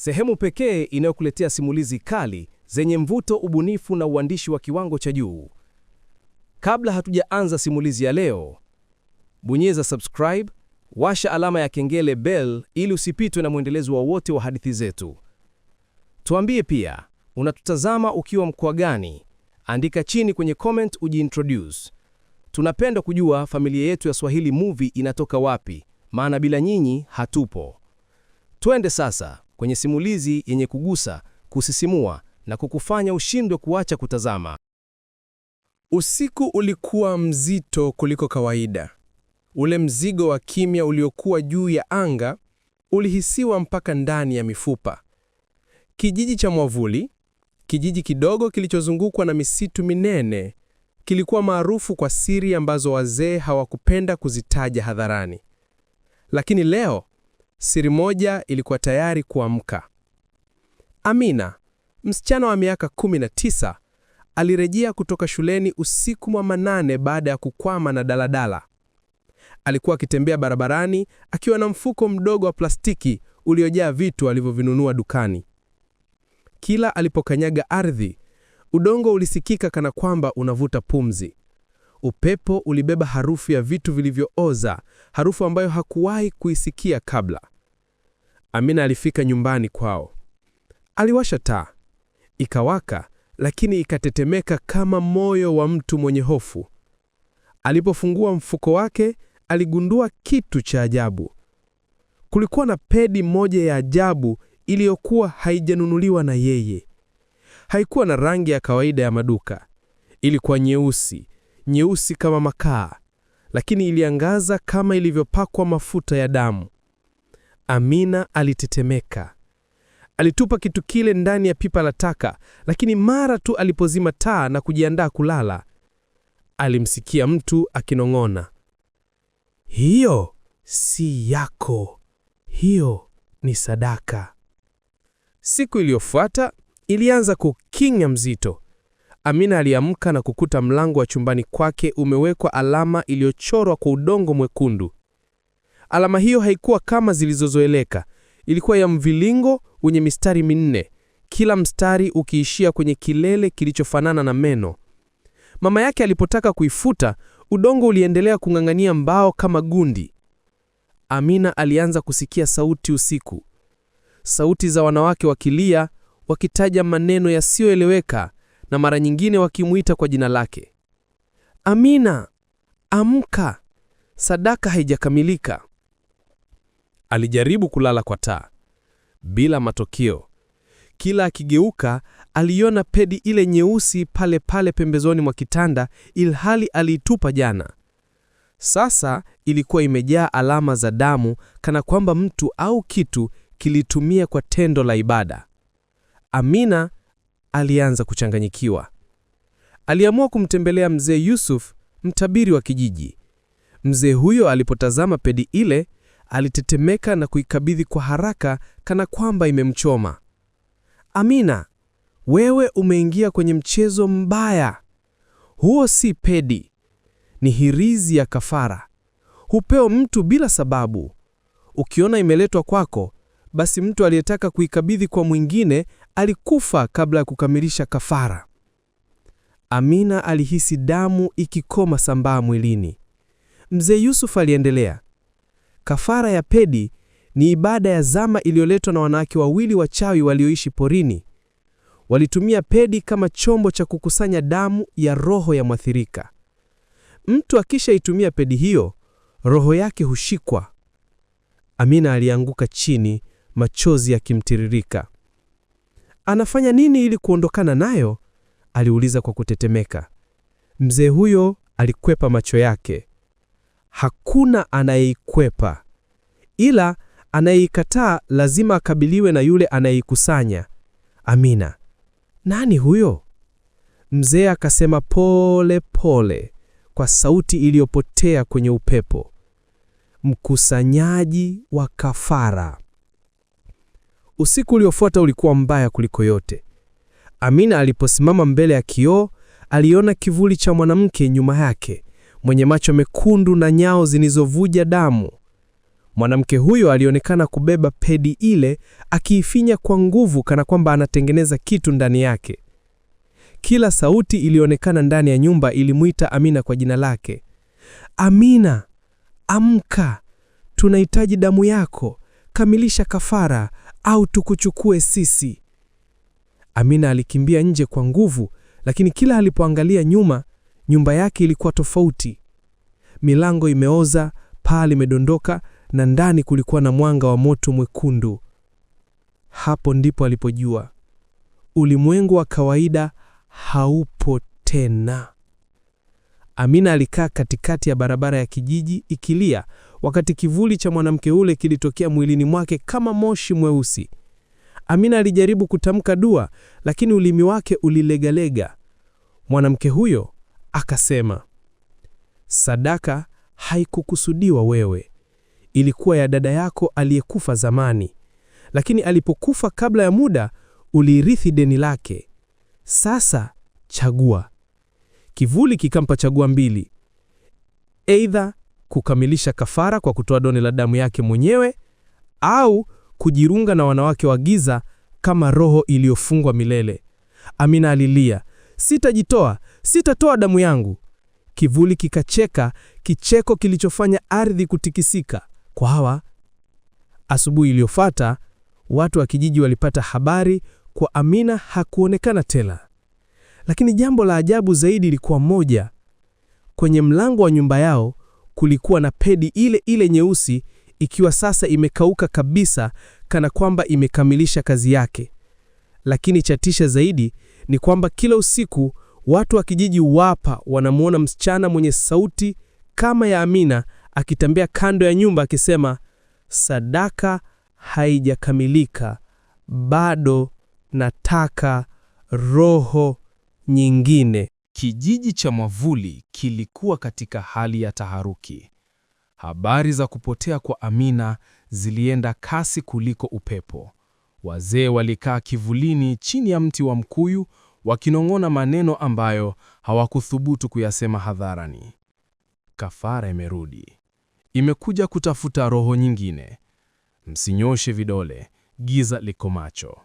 sehemu pekee inayokuletea simulizi kali zenye mvuto, ubunifu na uandishi wa kiwango cha juu. Kabla hatujaanza simulizi ya leo, bonyeza subscribe, washa alama ya kengele bell ili usipitwe na mwendelezo wowote wa hadithi zetu. Tuambie pia unatutazama ukiwa mkoa gani? Andika chini kwenye comment ujiintroduce. Tunapenda kujua familia yetu ya Swahili Movie inatoka wapi, maana bila nyinyi hatupo. Twende sasa kwenye simulizi yenye kugusa, kusisimua na kukufanya ushindwe kuacha kutazama. Usiku ulikuwa mzito kuliko kawaida. Ule mzigo wa kimya uliokuwa juu ya anga ulihisiwa mpaka ndani ya mifupa. Kijiji cha Mwavuli, kijiji kidogo kilichozungukwa na misitu minene, kilikuwa maarufu kwa siri ambazo wazee hawakupenda kuzitaja hadharani. Lakini leo Siri moja ilikuwa tayari kuamka. Amina, msichana wa miaka 19, alirejea kutoka shuleni usiku wa manane baada ya kukwama na daladala. Alikuwa akitembea barabarani akiwa na mfuko mdogo wa plastiki uliojaa vitu alivyovinunua dukani. Kila alipokanyaga ardhi, udongo ulisikika kana kwamba unavuta pumzi. Upepo ulibeba harufu ya vitu vilivyooza, harufu ambayo hakuwahi kuisikia kabla. Amina alifika nyumbani kwao. Aliwasha taa, ikawaka lakini ikatetemeka kama moyo wa mtu mwenye hofu. Alipofungua mfuko wake, aligundua kitu cha ajabu. Kulikuwa na pedi moja ya ajabu iliyokuwa haijanunuliwa na yeye. Haikuwa na rangi ya kawaida ya maduka, ilikuwa nyeusi nyeusi kama makaa, lakini iliangaza kama ilivyopakwa mafuta ya damu. Amina alitetemeka. Alitupa kitu kile ndani ya pipa la taka, lakini mara tu alipozima taa na kujiandaa kulala, alimsikia mtu akinong'ona, hiyo si yako, hiyo ni sadaka. Siku iliyofuata ilianza kukinga mzito. Amina aliamka na kukuta mlango wa chumbani kwake umewekwa alama iliyochorwa kwa udongo mwekundu. Alama hiyo haikuwa kama zilizozoeleka, ilikuwa ya mvilingo wenye mistari minne, kila mstari ukiishia kwenye kilele kilichofanana na meno. Mama yake alipotaka kuifuta, udongo uliendelea kung'ang'ania mbao kama gundi. Amina alianza kusikia sauti usiku, sauti za wanawake wakilia, wakitaja maneno yasiyoeleweka na mara nyingine wakimwita kwa jina lake. Amina, amka, sadaka haijakamilika. Alijaribu kulala kwa taa bila matokeo. Kila akigeuka aliona pedi ile nyeusi pale pale pembezoni mwa kitanda, ilhali aliitupa jana. Sasa ilikuwa imejaa alama za damu, kana kwamba mtu au kitu kilitumia kwa tendo la ibada. Amina alianza kuchanganyikiwa. Aliamua kumtembelea mzee Yusuf, mtabiri wa kijiji. Mzee huyo alipotazama pedi ile, alitetemeka na kuikabidhi kwa haraka, kana kwamba imemchoma. Amina, wewe umeingia kwenye mchezo mbaya. Huo si pedi, ni hirizi ya kafara. Hupewa mtu bila sababu. Ukiona imeletwa kwako, basi mtu aliyetaka kuikabidhi kwa mwingine alikufa kabla ya kukamilisha kafara. Amina alihisi damu ikikoma sambaa mwilini. Mzee Yusuf aliendelea, kafara ya pedi ni ibada ya zama iliyoletwa na wanawake wawili wachawi walioishi porini. Walitumia pedi kama chombo cha kukusanya damu ya roho ya mwathirika. Mtu akishaitumia pedi hiyo, roho yake hushikwa. Amina alianguka chini, machozi yakimtiririka. Anafanya nini ili kuondokana nayo? aliuliza kwa kutetemeka. Mzee huyo alikwepa macho yake. Hakuna anayeikwepa, ila anayeikataa lazima akabiliwe na yule anayeikusanya. Amina, nani huyo? Mzee akasema pole pole kwa sauti iliyopotea kwenye upepo, mkusanyaji wa kafara. Usiku uliofuata ulikuwa mbaya kuliko yote. Amina aliposimama mbele ya kioo, aliona kivuli cha mwanamke nyuma yake mwenye macho mekundu na nyao zilizovuja damu. Mwanamke huyo alionekana kubeba pedi ile, akiifinya kwa nguvu, kana kwamba anatengeneza kitu ndani yake. Kila sauti ilionekana ndani ya nyumba ilimwita Amina kwa jina lake. Amina, amka, tunahitaji damu yako, kamilisha kafara, au tukuchukue sisi? Amina alikimbia nje kwa nguvu, lakini kila alipoangalia nyuma, nyumba yake ilikuwa tofauti. Milango imeoza, paa limedondoka na ndani kulikuwa na mwanga wa moto mwekundu. Hapo ndipo alipojua ulimwengu wa kawaida haupo tena. Amina alikaa katikati ya barabara ya kijiji ikilia, wakati kivuli cha mwanamke ule kilitokea mwilini mwake kama moshi mweusi. Amina alijaribu kutamka dua, lakini ulimi wake ulilegalega. Mwanamke huyo akasema, sadaka haikukusudiwa wewe, ilikuwa ya dada yako aliyekufa zamani, lakini alipokufa kabla ya muda uliirithi deni lake. Sasa chagua Kivuli kikampa chagua mbili: aidha kukamilisha kafara kwa kutoa done la damu yake mwenyewe au kujirunga na wanawake wa giza kama roho iliyofungwa milele. Amina alilia, sitajitoa, sitatoa damu yangu. Kivuli kikacheka kicheko kilichofanya ardhi kutikisika kwa hawa. Asubuhi iliyofuata watu wa kijiji walipata habari kwa Amina hakuonekana tena. Lakini jambo la ajabu zaidi lilikuwa moja. Kwenye mlango wa nyumba yao kulikuwa na pedi ile ile nyeusi ikiwa sasa imekauka kabisa kana kwamba imekamilisha kazi yake. Lakini chatisha zaidi ni kwamba kila usiku watu wa kijiji wapa wanamwona msichana mwenye sauti kama ya Amina akitembea kando ya nyumba akisema, sadaka haijakamilika bado, nataka roho nyingine. Kijiji cha Mwavuli kilikuwa katika hali ya taharuki. Habari za kupotea kwa Amina zilienda kasi kuliko upepo. Wazee walikaa kivulini chini ya mti wa mkuyu wakinong'ona maneno ambayo hawakuthubutu kuyasema hadharani. Kafara imerudi, imekuja kutafuta roho nyingine. Msinyoshe vidole, giza liko macho.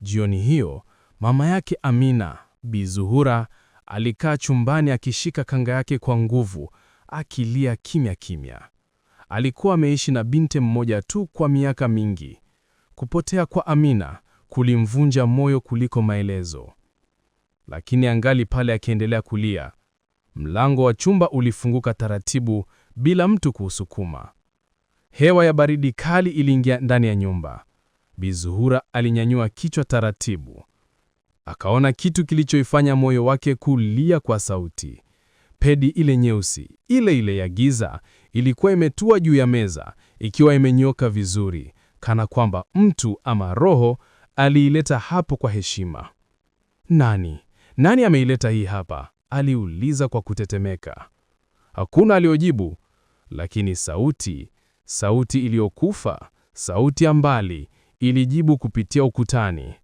Jioni hiyo mama yake Amina Bi Zuhura alikaa chumbani akishika kanga yake kwa nguvu, akilia kimya kimya. Alikuwa ameishi na binti mmoja tu kwa miaka mingi. Kupotea kwa Amina kulimvunja moyo kuliko maelezo, lakini angali pale akiendelea kulia. Mlango wa chumba ulifunguka taratibu bila mtu kuusukuma. Hewa ya baridi kali iliingia ndani ya nyumba. Bi Zuhura alinyanyua kichwa taratibu akaona kitu kilichoifanya moyo wake kulia kwa sauti. Pedi ile nyeusi, ile ile ya giza, ilikuwa imetua juu ya meza, ikiwa imenyoka vizuri, kana kwamba mtu ama roho aliileta hapo kwa heshima. Nani? Nani ameileta hii hapa? aliuliza kwa kutetemeka. Hakuna aliyojibu, lakini sauti, sauti iliyokufa, sauti ya mbali ilijibu kupitia ukutani.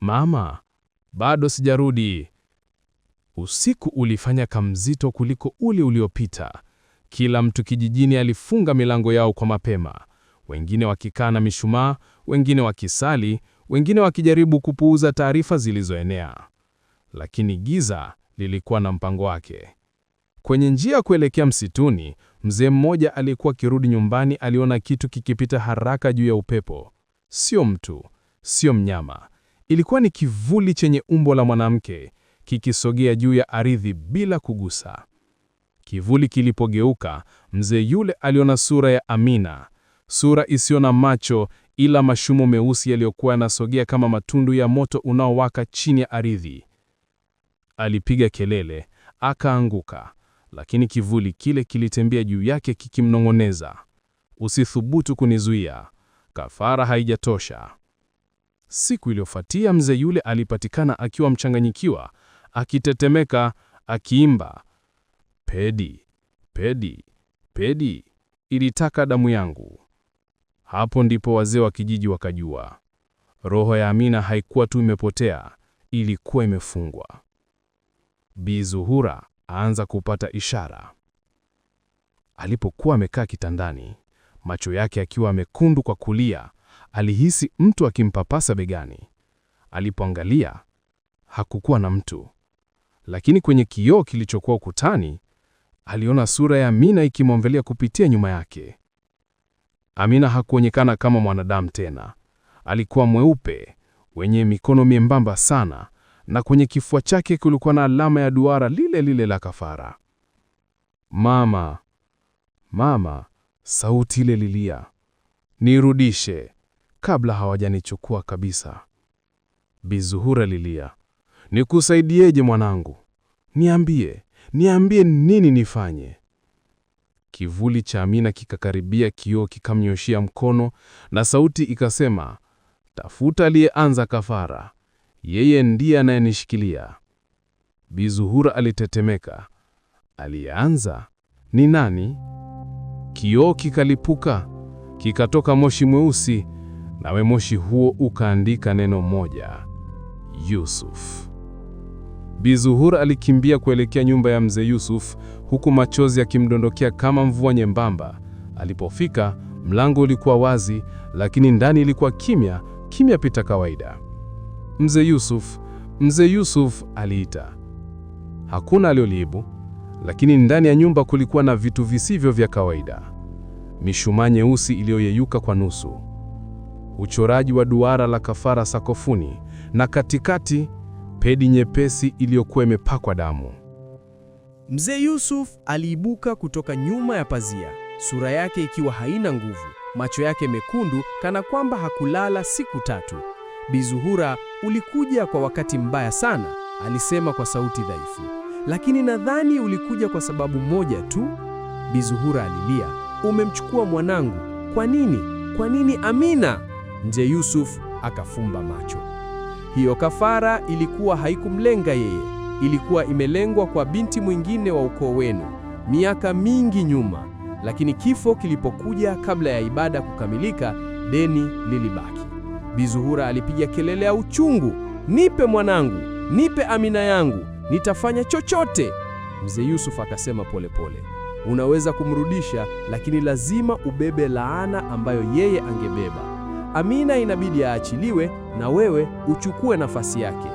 Mama, bado sijarudi. Usiku ulifanya kamzito kuliko ule uliopita. Kila mtu kijijini alifunga milango yao kwa mapema, wengine wakikaa na mishumaa, wengine wakisali, wengine wakijaribu kupuuza taarifa zilizoenea. Lakini giza lilikuwa na mpango wake. Kwenye njia kuelekea msituni, mzee mmoja aliyekuwa akirudi nyumbani aliona kitu kikipita haraka juu ya upepo. Sio mtu, sio mnyama, Ilikuwa ni kivuli chenye umbo la mwanamke kikisogea juu ya ardhi bila kugusa. Kivuli kilipogeuka, mzee yule aliona sura ya Amina, sura isiyo na macho ila mashumo meusi yaliyokuwa yanasogea kama matundu ya moto unaowaka chini ya ardhi. Alipiga kelele, akaanguka, lakini kivuli kile kilitembea juu yake kikimnong'oneza, usithubutu kunizuia, kafara haijatosha. Siku iliyofuatia mzee yule alipatikana akiwa mchanganyikiwa, akitetemeka, akiimba pedi pedi pedi, ilitaka damu yangu. Hapo ndipo wazee wa kijiji wakajua roho ya Amina haikuwa tu imepotea, ilikuwa imefungwa. Bi Zuhura aanza kupata ishara. Alipokuwa amekaa kitandani, macho yake akiwa amekundu kwa kulia alihisi mtu akimpapasa begani. Alipoangalia hakukuwa na mtu, lakini kwenye kioo kilichokuwa ukutani aliona sura ya Amina ikimwombelea kupitia nyuma yake. Amina hakuonekana kama mwanadamu tena. Alikuwa mweupe wenye mikono miembamba sana, na kwenye kifua chake kulikuwa na alama ya duara lile lile la kafara. Mama, mama, sauti ile lilia, nirudishe kabla hawajanichukua kabisa. bizuhura lilia, nikusaidieje mwanangu? Niambie, niambie nini nifanye? Kivuli cha Amina kikakaribia kioo, kikamnyoshia mkono na sauti ikasema, tafuta aliyeanza kafara, yeye ndiye anayenishikilia. bizuhura alitetemeka. Aliyeanza ni nani? Kioo kikalipuka, kikatoka moshi mweusi nawe moshi huo ukaandika neno moja, Yusuf. Bizuhur alikimbia kuelekea nyumba ya mzee Yusuf, huku machozi yakimdondokea kama mvua nyembamba. Alipofika, mlango ulikuwa wazi, lakini ndani ilikuwa kimya kimya pita kawaida. Mzee Yusuf, mzee Yusuf, aliita. Hakuna aliolijibu, lakini ndani ya nyumba kulikuwa na vitu visivyo vya kawaida: mishumaa nyeusi iliyoyeyuka kwa nusu uchoraji wa duara la kafara sakofuni, na katikati pedi nyepesi iliyokuwa imepakwa damu. Mzee Yusuf aliibuka kutoka nyuma ya pazia, sura yake ikiwa haina nguvu, macho yake mekundu, kana kwamba hakulala siku tatu. bizuhura ulikuja kwa wakati mbaya sana, alisema kwa sauti dhaifu, lakini nadhani ulikuja kwa sababu moja tu. bizuhura alilia, umemchukua mwanangu. Kwa nini? Kwa nini Amina? Mzee Yusuf akafumba macho. Hiyo kafara ilikuwa haikumlenga yeye, ilikuwa imelengwa kwa binti mwingine wa ukoo wenu miaka mingi nyuma, lakini kifo kilipokuja kabla ya ibada kukamilika, deni lilibaki. bizuhura alipiga kelele ya uchungu, nipe mwanangu, nipe Amina yangu, nitafanya chochote. Mzee Yusuf akasema polepole pole. Unaweza kumrudisha lakini lazima ubebe laana ambayo yeye angebeba. Amina inabidi aachiliwe na wewe uchukue nafasi yake.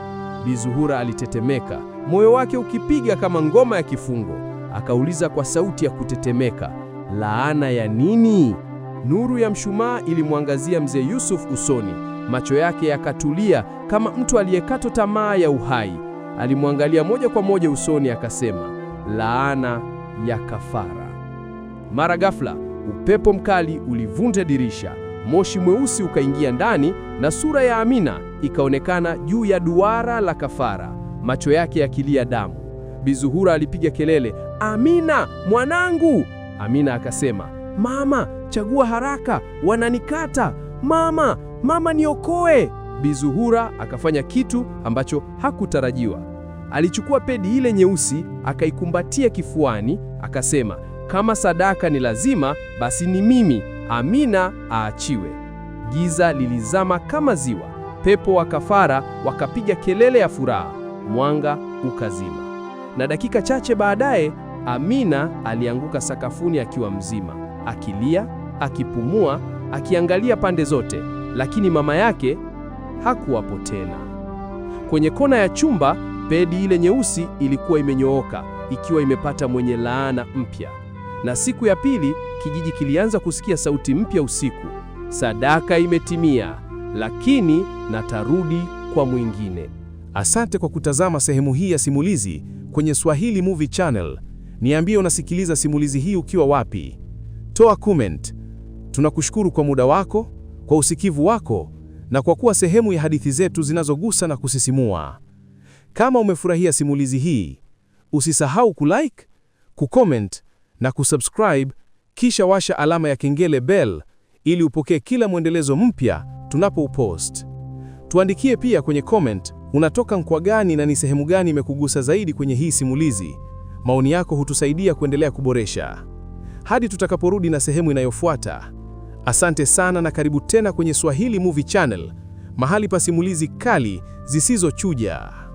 Bi Zuhura alitetemeka, moyo wake ukipiga kama ngoma ya kifungo. Akauliza kwa sauti ya kutetemeka, laana ya nini? Nuru ya mshumaa ilimwangazia mzee Yusuf usoni, macho yake yakatulia kama mtu aliyekatwa tamaa ya uhai. Alimwangalia moja kwa moja usoni, akasema, laana ya kafara. Mara ghafla upepo mkali ulivunja dirisha. Moshi mweusi ukaingia ndani na sura ya Amina ikaonekana juu ya duara la kafara, macho yake yakilia damu. Bizuhura alipiga kelele, Amina mwanangu! Amina akasema, mama, chagua haraka, wananikata! Mama, mama, niokoe! Bizuhura akafanya kitu ambacho hakutarajiwa. Alichukua pedi ile nyeusi akaikumbatia kifuani, akasema, kama sadaka ni lazima, basi ni mimi. Amina aachiwe. Giza lilizama kama ziwa, pepo wa kafara wakapiga kelele ya furaha, mwanga ukazima, na dakika chache baadaye Amina alianguka sakafuni akiwa mzima, akilia, akipumua, akiangalia pande zote, lakini mama yake hakuwapo tena. Kwenye kona ya chumba, bedi ile nyeusi ilikuwa imenyooka, ikiwa imepata mwenye laana mpya. Na siku ya pili kijiji kilianza kusikia sauti mpya usiku, sadaka imetimia, lakini natarudi kwa mwingine. Asante kwa kutazama sehemu hii ya simulizi kwenye Swahili Movie Channel. Niambie unasikiliza simulizi hii ukiwa wapi? Toa comment. Tunakushukuru kwa muda wako, kwa usikivu wako na kwa kuwa sehemu ya hadithi zetu zinazogusa na kusisimua. Kama umefurahia simulizi hii, usisahau kulike, kucomment na kusubscribe, kisha washa alama ya kengele bell ili upokee kila mwendelezo mpya tunapoupost. Tuandikie pia kwenye comment unatoka mkoa gani na ni sehemu gani imekugusa zaidi kwenye hii simulizi. Maoni yako hutusaidia kuendelea kuboresha. Hadi tutakaporudi na sehemu inayofuata. Asante sana na karibu tena kwenye Swahili Movie Channel, mahali pa simulizi kali zisizochuja.